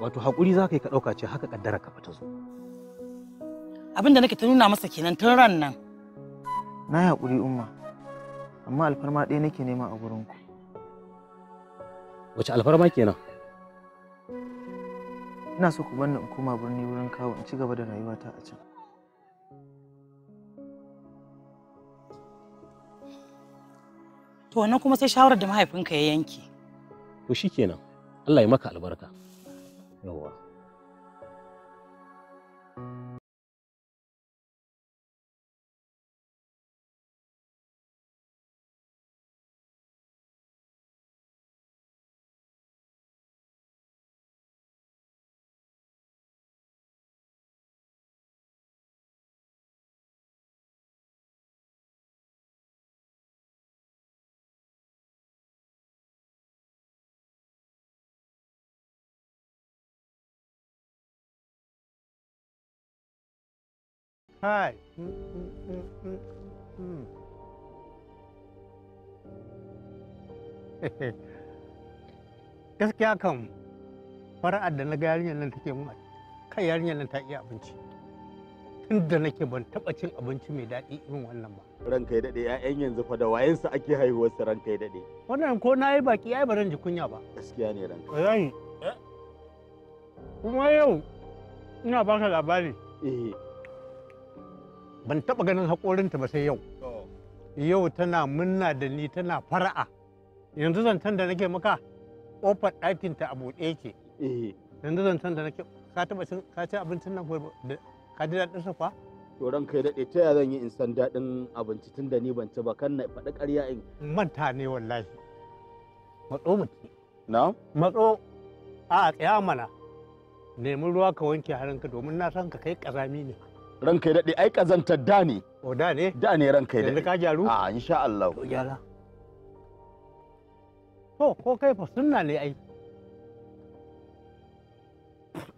wato hakuri za ka yi ka ɗauka ce haka ƙaddara ka fita zo abin da nake ta nuna masa kenan tun ran nan na yi haƙuri umma amma alfarma ɗaya nake nema a gurin ku wace alfarma kenan ina so ku banna in koma birni wurin kawo in ci gaba da rayuwata a can to wannan kuma sai shawarar da mahaifinka ya yanke to shikenan Allah ya maka albarka yours. はい。うんうんうんうんうん。Gaskiya kan fara'ar da na ga yarinyar nan take mun kai yarinyar nan ta iya abinci. Tunda nake ban taɓa cin abinci mai daɗi irin wannan ba. Ranka ya daɗe ‘ya'yan yanzu fa da wayensu ake haihuwar su ranka ya daɗe. Wannan ko na yi baki ai ba ran ji kunya ba. Gaskiya ne ranka. Ba zan eh. Kuma yau ina baka labari. Eh. ban taɓa ganin haƙorinta ba sai yau yau tana munna da ni tana fara'a yanzu zancen da nake maka ƙofar ɗakinta a buɗe yake eh. yanzu zancen da nake ka taɓa cin ka ci abincin nan ka ji daɗin sa fa to ran kai daɗe ta zan yi in san daɗin abinci tun da ni ban ci ba kan na faɗi ƙarya in manta ne wallahi matso mutum na matso a tsaya mana nemi ruwa ka wanke harinka domin na san ka kai ƙazami ne ranka ya daɗe ai kazantar da ne o oh, da ne da ne ranka ya daɗe yanzu ka gyaru a in sha Allah to gyara to ko kai fa sunna ne ai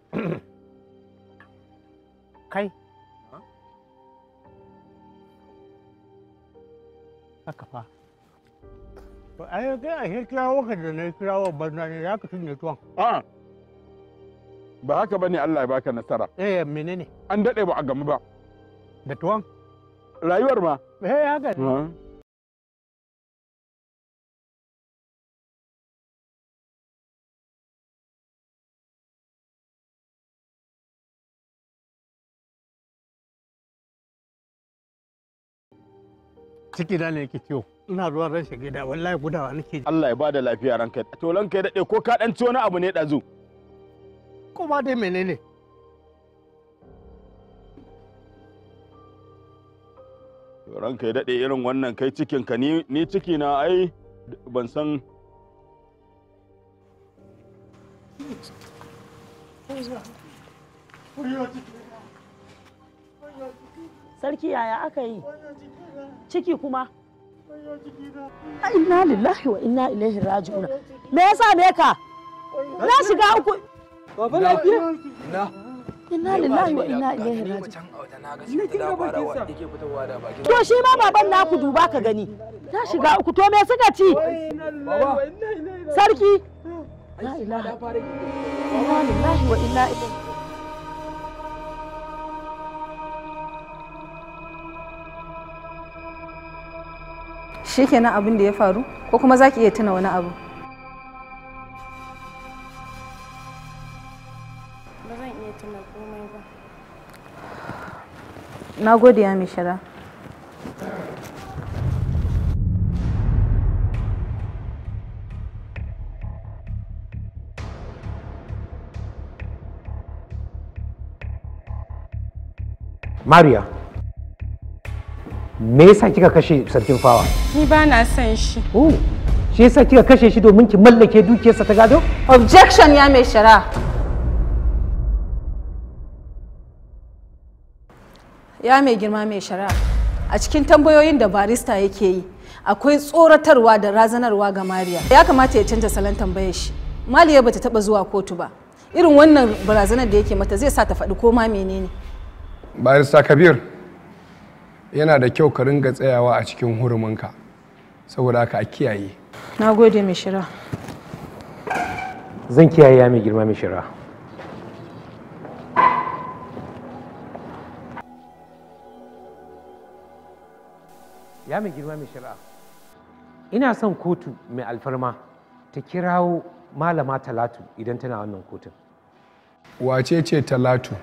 kai Ka fa to ai ga a kirawo ka da na kirawo banna ne ya ka tunye tuwon Ah. ba haka ba ne Allah ya baka nasara eh menene an dade ba a gamu ba da tuwon rayuwar ma eh haka ciki da ne yake ciwo ina zuwa ran shi gida wallahi gudawa nake Allah ya bada lafiya ranka to ranka ya dade ko ka dan ci wani abu ne dazu kuma dai menene ranka ya daɗe irin wannan kai cikinka ni ciki na ai ban san sarki yaya aka yi ciki kuma inna lillahi wa inna ilaihi raji'una me yasa me ka na shiga uku Baba lafiya? Na. Inna lillahi wa inna ilaihi raji'un. To shi ma baban naku duba ka gani. Ta shiga uku to me suka ci? Sarki. Ina ilaha. Inna lillahi wa inna ilaihi. Shikenan abin da ya faru ko kuma zaki iya tuna wani abu? ba zan iya tuna komai ba na gode ya mishira Mariya, me yasa kika kashe sarkin fawa? Ni ba na son shi. Oh, shi yasa kika kashe shi domin ki mallake dukiyarsa ta gado? Objection ya mai shara. ya mai girma mai shari'a a cikin tambayoyin da barista yake yi akwai tsoratarwa da razanarwa ga mariya ya kamata ya canza salon tambayar shi maliya bata taba zuwa kotu ba irin wannan barazanar da yake mata zai sa ta faɗi koma menene barista kabir yana da kyau ka ringa tsayawa a cikin huruminka saboda haka a kiyaye na gode mai shira zan kiyaye ya mai girma mai shira ya mai girma mai shari'a ina son kotu mai alfarma ta kirawo malama talatu idan tana wannan kotun wace ce talatu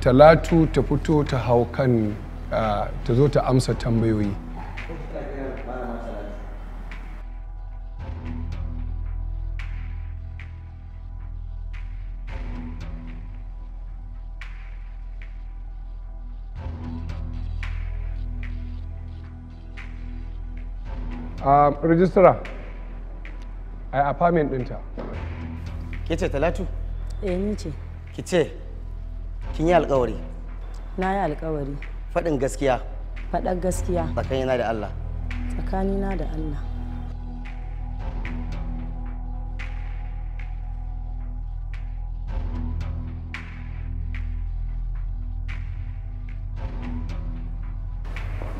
talatu ta fito ta hau kan ah, ta zo ta amsa tambayoyi rijistara a yi afamin ɗinta ke ce talatu? eh ni ce ki ce kin yi alkawari na yi alkawari faɗin gaskiya faɗar gaskiya tsakani na da allah tsakani na da allah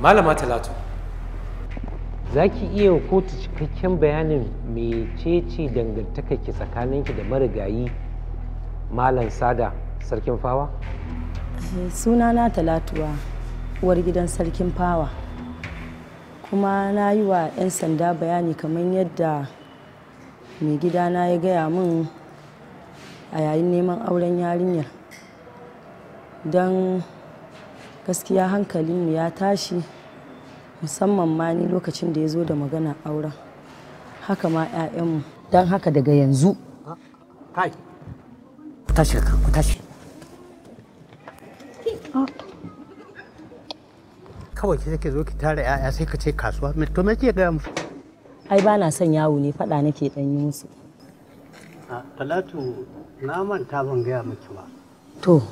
malama talatu za ki iya kotu cikakken bayanin mecece dangantaka ki tsakaninki da marigayi malam sada sarkin fawa eh, sunana talatuwa uwar gidan sarkin fawa kuma na yi wa 'yan sanda bayani kamar yadda mai gidana ya gaya min a yayin neman auren yarinyar don gaskiya hankalinmu ya tashi musamman ma ni lokacin da ya zo da magana auren haka ma 'ya'yanmu don haka daga yanzu kai ku tashi ku tashi kawai ki take zo ki tara 'ya'ya sai ka ce kasuwa me to me ke gaya musu ai ba na son yawo ne faɗa nake ɗan yi musu talatu na manta ban gaya miki ba to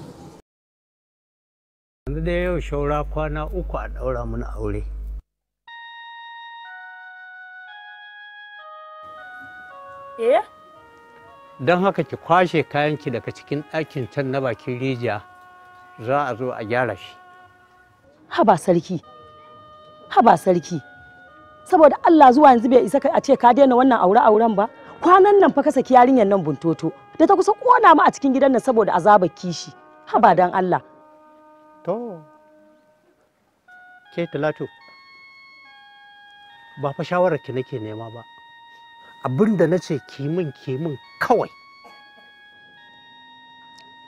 yanzu da yau shaura kwana uku a ɗaura mana aure eh don haka ki kwashe kayanki daga cikin ɗakin can na bakin rijiya za a zo a gyara shi haba sarki haba sarki saboda Allah zuwa yanzu bai isa a ce ka daina wannan aure auren ba kwanan nan fa ka saki yarinyar nan buntoto da ta kusa kona mu a cikin gidan nan saboda azabar kishi haba don Allah to ke talatu ba fa shawararki ki nake nema ba abin da na ce kimin kimin kawai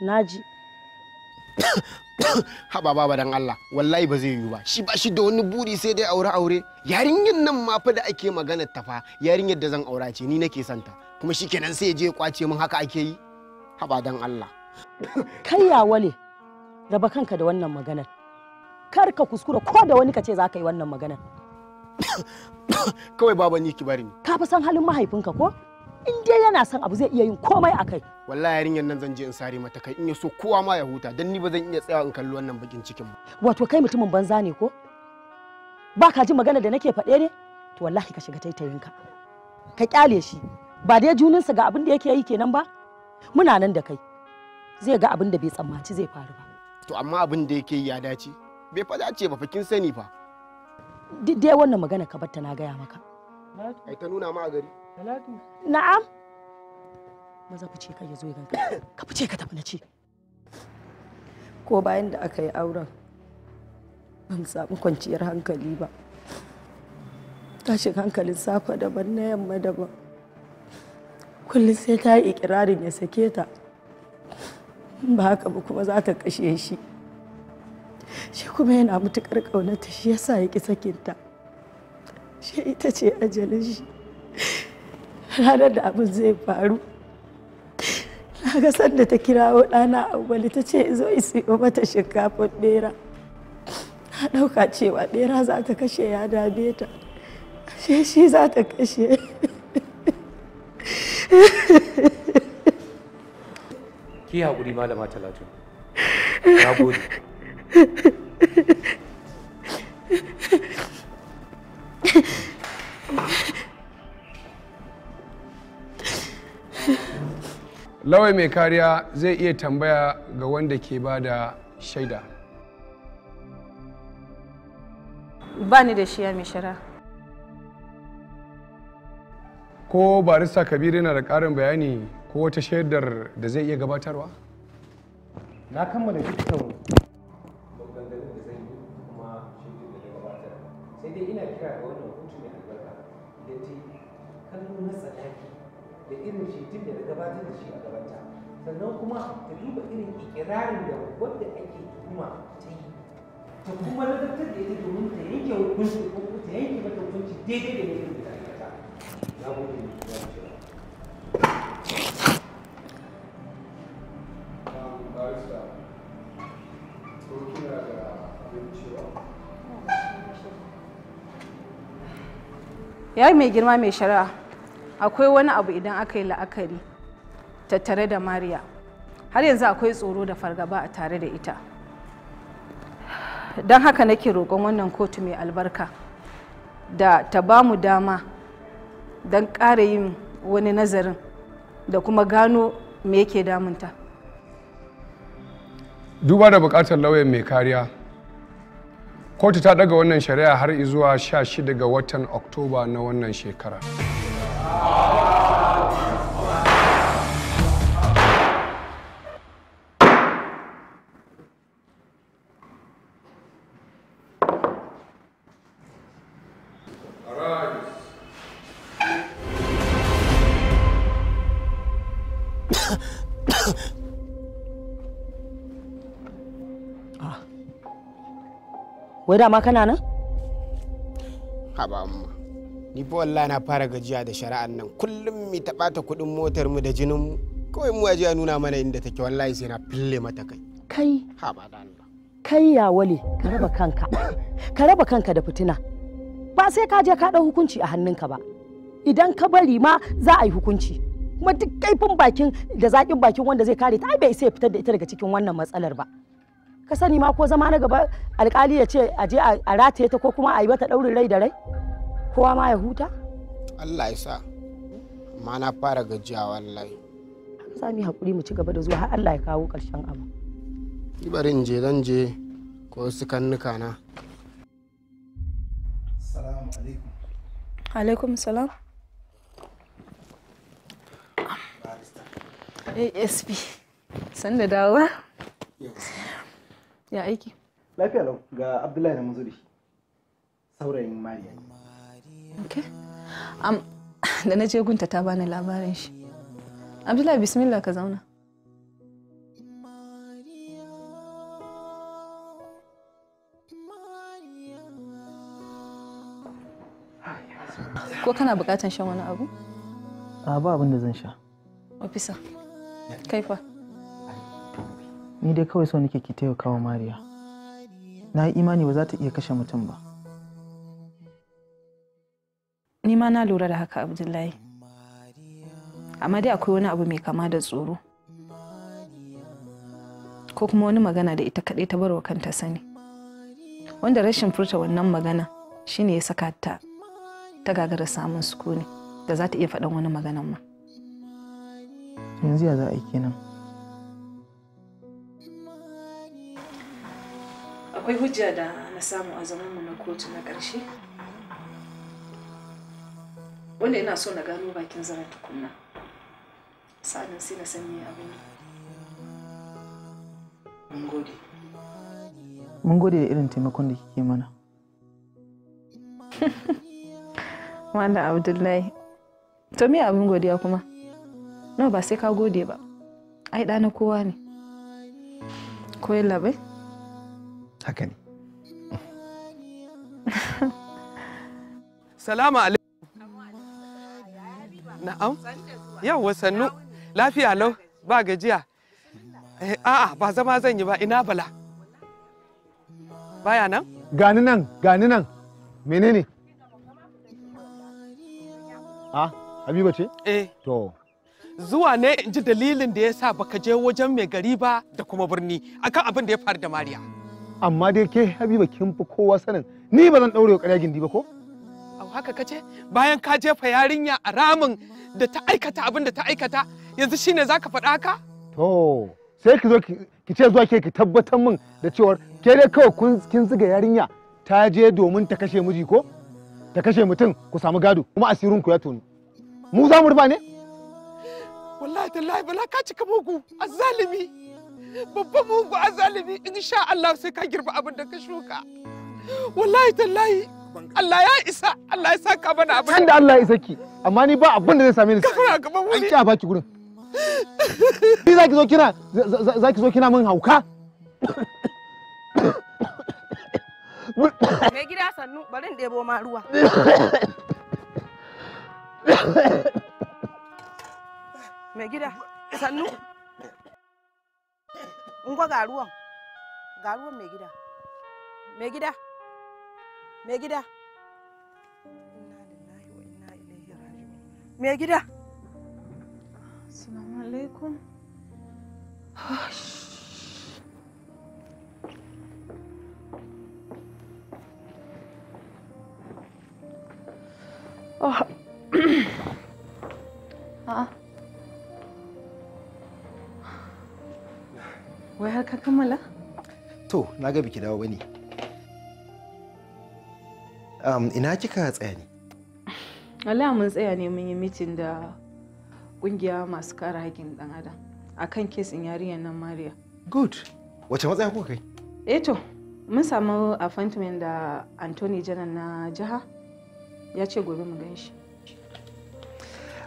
naji haba baba dan Allah wallahi ba zai yiwu ba shi ba shi da wani buri sai dai aure aure yarinyar nan ma fa da ake magana ta fa yarinyar da zan aura ce ni nake santa kuma shikenan sai je kwace min haka ake yi haba dan Allah kai ya wale raba kanka da wannan maganar kar ka kuskura ko da wani ka ce za ka yi wannan maganar kawai baban yi ki bari ni ka fi san halin mahaifinka ko in dai yana san abu zai iya yin komai a kai wallahi yarinyar nan zan je in sare mata kai in ya so kowa ma ya huta dan ni ba zan iya tsaya in kalli wannan bakin cikin ba wato kai mutumin banza ne ko ba ka ji magana da nake faɗe ne to wallahi ka shiga taitayinka ka kyale shi ba dai juninsa ga abin da yake yi kenan ba muna nan da kai zai ga abin da bai tsammaci zai faru ba to amma abin da yake yi ya dace bai fa dace ba fakin sani ba. duk dai wannan magana ka batta na gaya maka ai ta nuna ma a gari na'am maza fice ka ganka ka fice ka tafi na ce ko bayan da aka yi auren ban samu kwanciyar hankali ba tashin hankalin safa daban na yamma daban kullum sai ta yi ikirarin ya sake ta ba haka ba kuma za ta kashe shi shi kuma yana mutukar ƙaunata shi yasa ya ƙi sakinta shi ita ce ajalin shi ranar da abin zai faru na ga sanda ta kirawo ɗana awwali ta ce zo siyo mata shinkafin ɗera na ɗauka cewa ɗera za ta kashe ya dame ta shi shi za ta kashe ki haƙuri malama talatu na gode lawai mai kariya zai iya tambaya ga wanda ke ba da shaida ba ni da shiya mai shara ko barista kabiru yana da ƙarin bayani ko wata shaidar da zai iya gabatarwa na kammala dukkan sannan kuma ka duba irin ikirarin da wanda ake tuhuma ta yi ta kuma nazartar da ita domin ta yanke hukunci ko ta yanke mata hukunci daidai da mutum da aikata ya gode ya mai girma mai shari'a akwai wani abu idan aka yi la'akari tattare da mariya har yanzu akwai tsoro da fargaba a tare da ita don haka nake roƙon wannan kotu mai albarka da ta ba mu dama don ƙara yin wani nazarin da kuma gano me yake damunta duba da buƙatar lauyan mai kariya kotu ta ɗaga wannan shari'a har zuwa 16 ga watan oktoba na wannan shekara. Arise. Wai dama kana nan? Haba Ni fa wallahi na fara gajiya da shari'an nan. Kullum taɓa ta kuɗin motar mu da jinin mu. Kawai mu aje ya nuna mana inda take wallahi sai na fille mata kai. Kai. Haba da Allah. Kai ya wale, ka raba kanka. Ka raba kanka da fitina. ba sai ka je ka ɗau hukunci a hannunka ba idan ka bari ma za a yi hukunci kuma duk kaifin bakin da zaƙin bakin wanda zai kare ta ai bai sai fitar da ita daga cikin wannan matsalar ba ka sani ma ko zama na gaba alkali ya ce a je a rataye ta ko kuma a yi mata ɗaurin rai da rai kowa ma ya huta Allah ya sa amma na fara gajiya wallahi haka za mu mu ci gaba da zuwa har Allah ya kawo ƙarshen abu je dan je ko su kannuka na Assalamu alaikum. salam. ASP. da dawowa? Ya aiki? Lafiya lau ga Abdullahi na Saurayin Mariya. da na je gunta ta bani labarin shi. Abdullahi bismillah ka zauna. ko kana bukatan shan wani abu? a ba abin da zan sha ofisa kai fa ni dai kawai so nake ki taimaka wa mariya na yi imani ba za ta iya kashe mutum ba ni ma na lura da haka abdullahi amma dai akwai wani abu mai kama da tsoro ko kuma wani magana da ita kaɗai ta barwa kanta sani wanda rashin furta wannan magana shine ya saka ta ta gagara samun sukuni da za ta iya faɗan wani maganan ma yanzu ya za a yi kenan akwai hujja da na samu a zaman mu na kotu na ƙarshe wanda yana so na gano bakin zaren tukunna Sa'adun sai na san me ne. mun gode mun gode da irin taimakon da kike mana Wanda Abdullahi. To me abin godiya kuma? No ba sai ka gode ba. Ai ɗa na kowa ne. Koyi labai? Haka ne. Salamu alaikum. Na'am. Yawwa sannu. Lafiya lau ba gajiya. Eh, a'a ba zama zan yi ba ina bala. Baya nan? Gani nan, gani nan. Menene? Ah, habiba ce eh to zuwa ne in ji dalilin da ya sa baka je wajen mai gari ba da kuma birni akan abin da ya faru da mariya amma dai ke habiba kin fi kowa sanin ni ba zan daure ƙarya gindi ba ko au haka kace bayan ka jefa yarinya a ramin da ta aikata abin da ta aikata yanzu shine zaka faɗa ka? to sai ki zo ki ce zuwa ke ki tabbatar min da cewar ke dai kawai kin ziga yarinya ta je domin ta kashe miji ko Ta kashe mutum ku samu gado kuma asirin ku ya tonu mu za mu rufa ne wallahi tallahi bala ka cika mugu azalimi babban mugu in insha Allah sai ka girba abin da ka shuka wallahi tallahi Allah ya isa Allah ya saka mana abin san da Allah ya isa ki amma ni ba abin da zai same ni kana gaban wani an ci a baki gurin ni zaki zo kina zaki zo kina min hauka Mai gida sannu bari in ɗebo ma ruwa. Mai gida sannu. In ga ruwan. Ga ruwan mai gida. Mai gida. Mai gida. Mai gida. Assalamu alaikum. Oh. A'a. Ah. Wai har ka kammala? To, na ga biki dawo bane. Um, ina kika tsaya ne? Allah mun tsaya ne mun yi mitin da ƙungiya masu kare haƙƙin ɗan adam akan kesin yarinyar nan maria. Good. Wace matsaya kuka kai? Eh to, mun samu appointment da Anthony Janan na jiha. ya ce gobe mu gan shi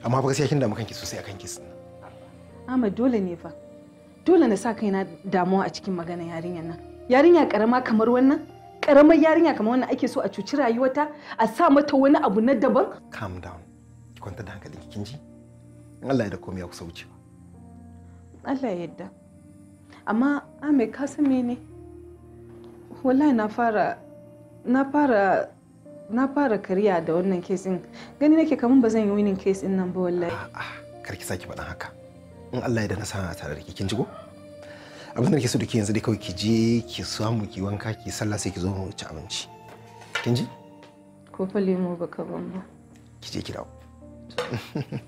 amma ba gaskiya kin damu kanki sosai akan kisin amma dole ne fa dole na sa kaina damuwa a cikin magana yarinyar nan yarinya karama kamar wannan karamar yarinya kamar wannan ake so a cuci rayuwarta a sa mata wani abu na daban calm down ki kwanta da hankalinki kin ji in Allah ya da komai ya kusa wucewa Allah ya yarda amma ame ka san mene wallahi na fara na fara na fara kariya da wannan kes din gani nake kaman ba zan yi winning kes din nan ba wallahi ah, ah, kar ki saki faɗan haka in Allah ya da na a tare da ki kin jigo abin da nake so da ke yanzu dai kawai ki je ki samu ki wanka ki sallah sai ki zo mu ci abinci kin ji ko fa lemo baka ban ba ki je ki dawo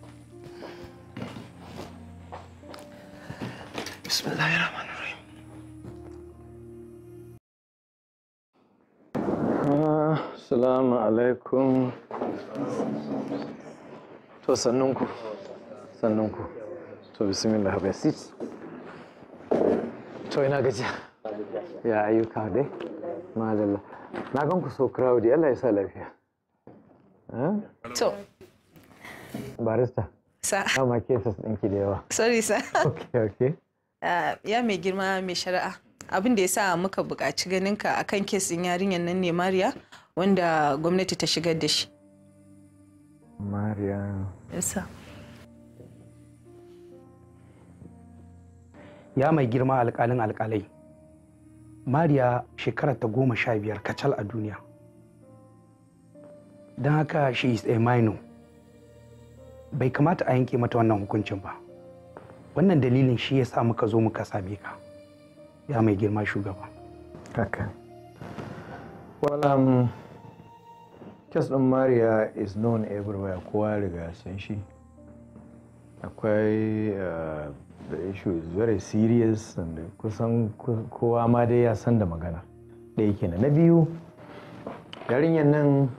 Bismillahirrahmanirrahim Uh... Assalamu alaikum. To sannunku, sannunku. To bismillah bai sit. To ina gajiya. Ya ayyuka dai? Madalla. Na gan ku so crowd, Allah ya sa lafiya. Eh? To. Barista. Sa. Dama cases ɗinki da yawa. Sorry sa. Okay, okay. Ah, ya mai girma mai shari'a. abin da ya sa muka buƙaci ganinka a kan kesin yarinyar nan ne mariya wanda gwamnati ta shigar da shi mariya ya mai girma alƙalin alƙalai mariya shekarar ta goma sha biyar kacal a duniya don haka she is a minor bai kamata a yanke mata wannan hukuncin ba wannan dalilin shi ya sa muka zo muka same ka ya mai girma shugaba haka walam kes ɗin maria is known everywhere kowa riga san shi akwai eh, the issue is very serious and kusan kowa ma dai ya san da magana ɗaya kenan na biyu yarinyar nan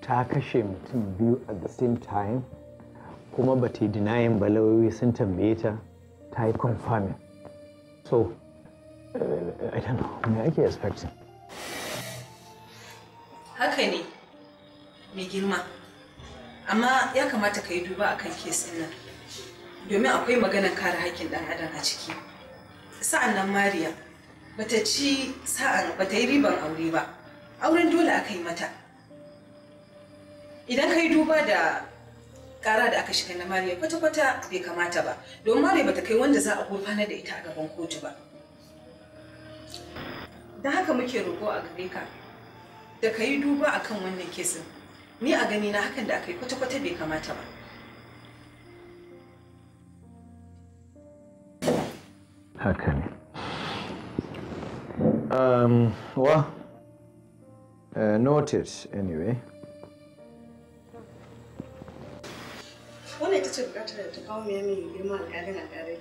ta kashe mutum biyu at the same time kuma ba ta yi denying ba sun tambaye ta ta yi confirming So, eh, I don't know, me ake expecting? Haka ne, mai girma. Amma ya kamata ka yi duba akan kan kesin nan, domin akwai maganar kare haƙƙin ɗan adam a ciki. Sa'an nan Mariya, bata ci sa'an bata yi riban aure ba, auren dole aka yi mata. Idan ka yi duba da kara da aka shiga na mariya kwata-kwata bai kamata ba don mariya bata kai wanda za a gurfanar da ita a gaban kotu ba da haka muke roƙo a gare ka da ka yi duba akan wannan kesin ni a gani na hakan da aka yi kwata-kwata bai kamata ba haka ne um, wa uh, noted anyway Wannan ita ce bukatar da ta kawo mai mai girma alƙalin a ƙare.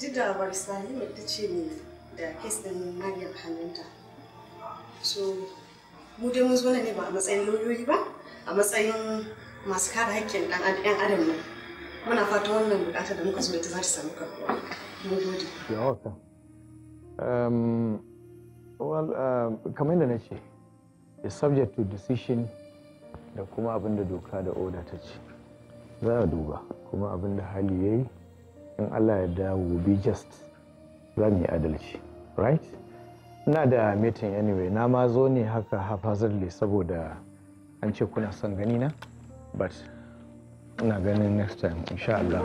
Duk da barista mai ita ce ne da kes ɗin Mariam hannunta. So, mu dai mun zo ne ba a matsayin lauyoyi ba, a matsayin masu kare haƙƙin ɗan adam ne. Muna fata wannan bukatar da muka zo ita za ta samu karɓuwa. Mun gode. You're welcome. Um, well, um, kamar yadda na ce, is subject to decision da kuma abin da doka da oda ta ce. za a duba kuma abin da hali ya yi in allah ya dawo be just za mu yi adalci right ina da meeting anyway na ma zo ne haka haphazardly saboda an ce kuna son gani na but ina ganin next time insha allah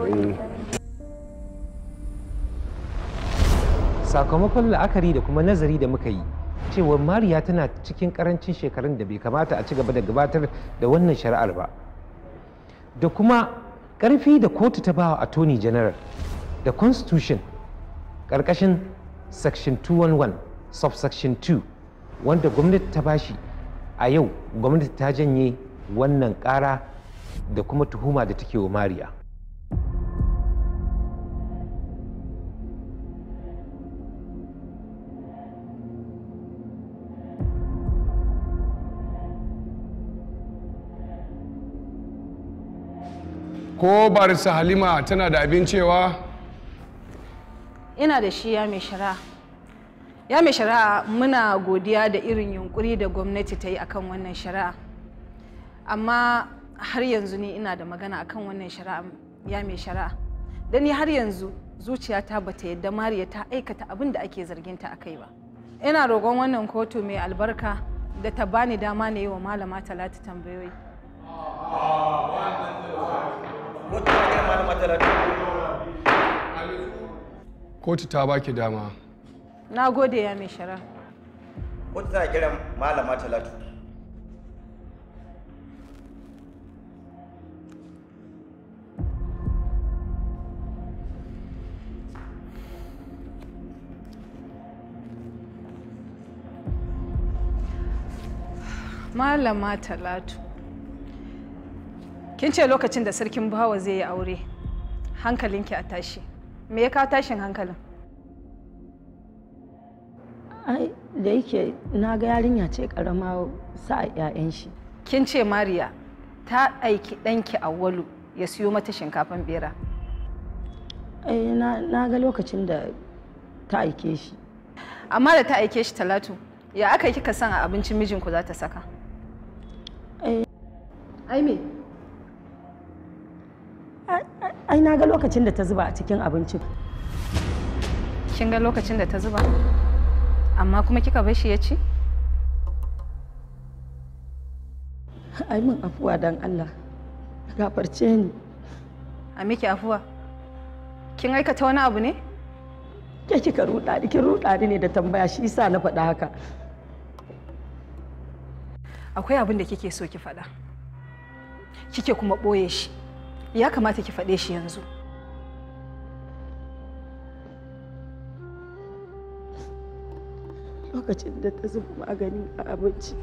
sakamakon la'akari da kuma nazari da muka yi cewa mariya tana cikin karancin shekarun da bai kamata a ci gaba da gabatar da wannan shari'ar ba da kuma ƙarfi da kotu ta bawa attorney general da constitution ƙarƙashin section 211 subsection 2 wanda gwamnati ta bashi a yau gwamnati ta janye wannan ƙara da kuma tuhuma da take wa mariya ko barisa halima tana da abin cewa ina da shi ya mai shari'a ya mai muna godiya da irin yunkuri da gwamnati ta yi akan wannan shari'a amma har yanzu ni ina da magana akan wannan shari'a ya mai shari'a da ni har yanzu zuciyata bata yadda mariya ta aikata abin da ake zarginta a kai ba ina rogon wannan kotu mai albarka da ta bani dama ne yi wa malama talatu tambayoyi ah, ah, kotu ta baki dama na gode ya mai shara kotu ta kira malama talatu malama talatu Kin ce lokacin da sarkin buhawa zai yi aure, hankalinki a tashi. Me ya kawo tashin hankalin? Ai, da yake na ga yarinya ce karama sa 'ya'yan shi. Kin ce Mariya ta aiki ɗanki walu ya siyo mata shinkafan bera. Ai, na ga lokacin da ta aike shi. Amma da ta aike shi Talatu, ya aka kika san a abincin mijinku za ta saka? Ai, me? na ga lokacin da ta zuba a cikin abincin. Kin ga lokacin da ta zuba? Amma kuma kika bar shi ya ci? Ai min afuwa dan Allah. Gafarce ni. A miki afuwa? Kin aikata wani abu ne? Ke kika ruɗa ni, kin ruɗa ni ne da tambaya shi yasa na faɗa haka. Akwai abin da kike so ki faɗa. Kike kuma ɓoye shi. ya kamata ki faɗe shi yanzu lokacin da ta zuba magani a abinci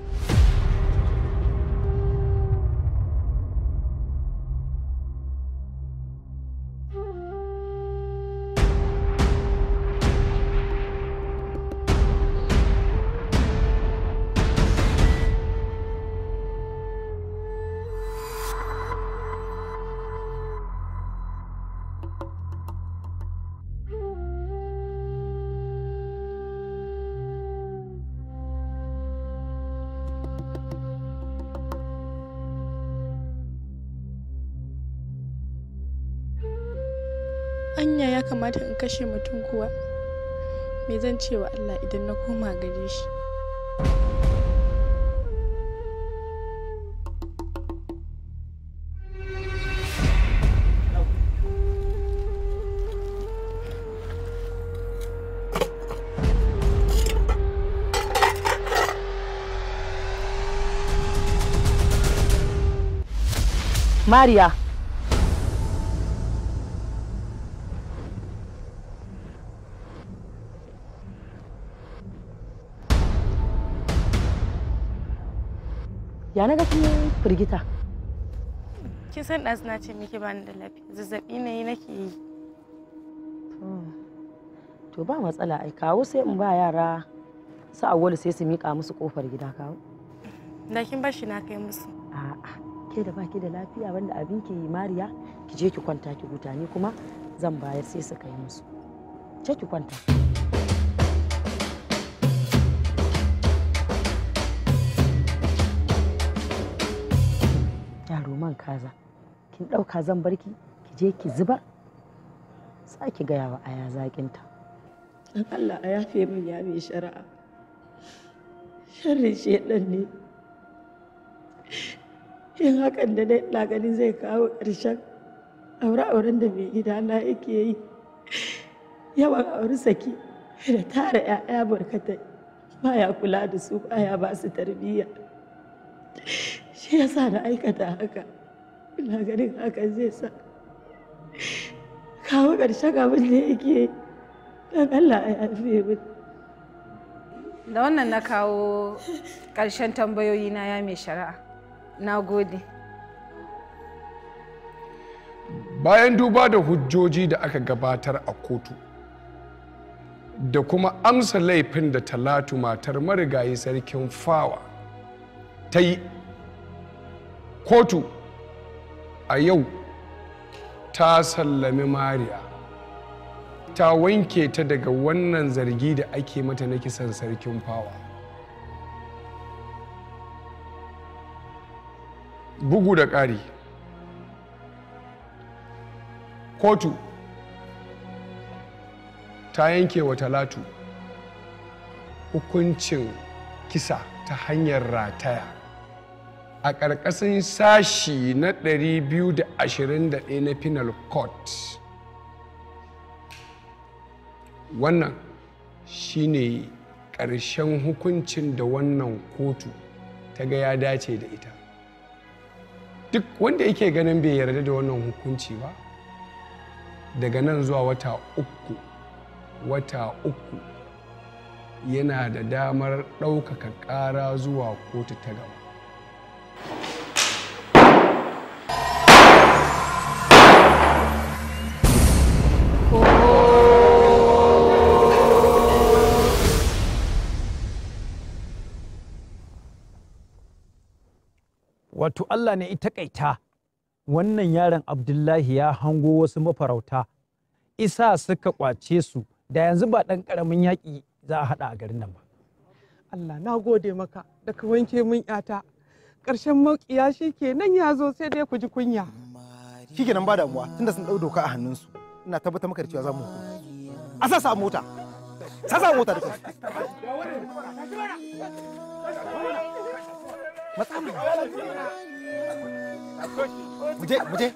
kashe mutum kuwa me zan ce wa allah idan na koma gare shi maria. firgita kin san ɗazu na ce miki bani da lafiya zazzaɓi ne yi nake yi to ba matsala ai kawo sai in ba yara su awwalu sai su miƙa musu ƙofar gida kawo da kin bashi na kai musu a'a ke da baki da lafiya banda abin yi mariya ki je ki kwanta ki huta ni kuma zan bayar sai su kai musu ce ki kwanta man kaza kin ɗauka zan barki ki je ki zubar sake gaya wa aya zaƙinta dan Allah a yafe min ya mai shari'a sharri shedan ne yin hakan da na gani zai kawo ƙarshen aure-auren da mai na yake yi yawan auri saki da tara 'ya'ya barkatai ya kula da su baya ba su tarbiyya shi yasa na aikata haka ina ganin haka zai sa kawo ƙarshen abin da yake don allah ya yafe da wannan na kawo ƙarshen tambayoyi na ya mai shari'a na gode bayan duba da hujjoji da aka gabatar a kotu da kuma amsa laifin da talatu matar marigayi sarkin fawa ta yi kotu a yau ta sallami mariya ta wanke ta daga wannan zargi da ake mata na kisan sarkin fawa bugu da ƙari kotu ta yanke wa talatu hukuncin kisa ta hanyar rataya a ƙarƙashin sashi na 221 na penal court wannan shi ne ƙarshen hukuncin da wannan kotu ta ga ya dace da ita duk wanda yake ganin bai yarda da wannan hukunci ba daga nan zuwa wata uku wata uku yana da damar ɗaukaka ƙara zuwa kotu ta gaba wato Allah ne ita kaita wannan yaron Abdullahi ya hango wasu mafarauta isa suka kwace su da yanzu ba ɗan ƙaramin yaƙi za a haɗa a garin nan ba. Allah na gode maka da ka wanke min ƴata ƙarshen mauƙiya shi ke nan ya zo sai dai ku ji kunya. Shi ke nan ba damuwa tunda sun ɗau doka a hannunsu ina tabbatar maka da cewa za mu a sa sa mota sa sa mota da kai. 不打吗？不接不接。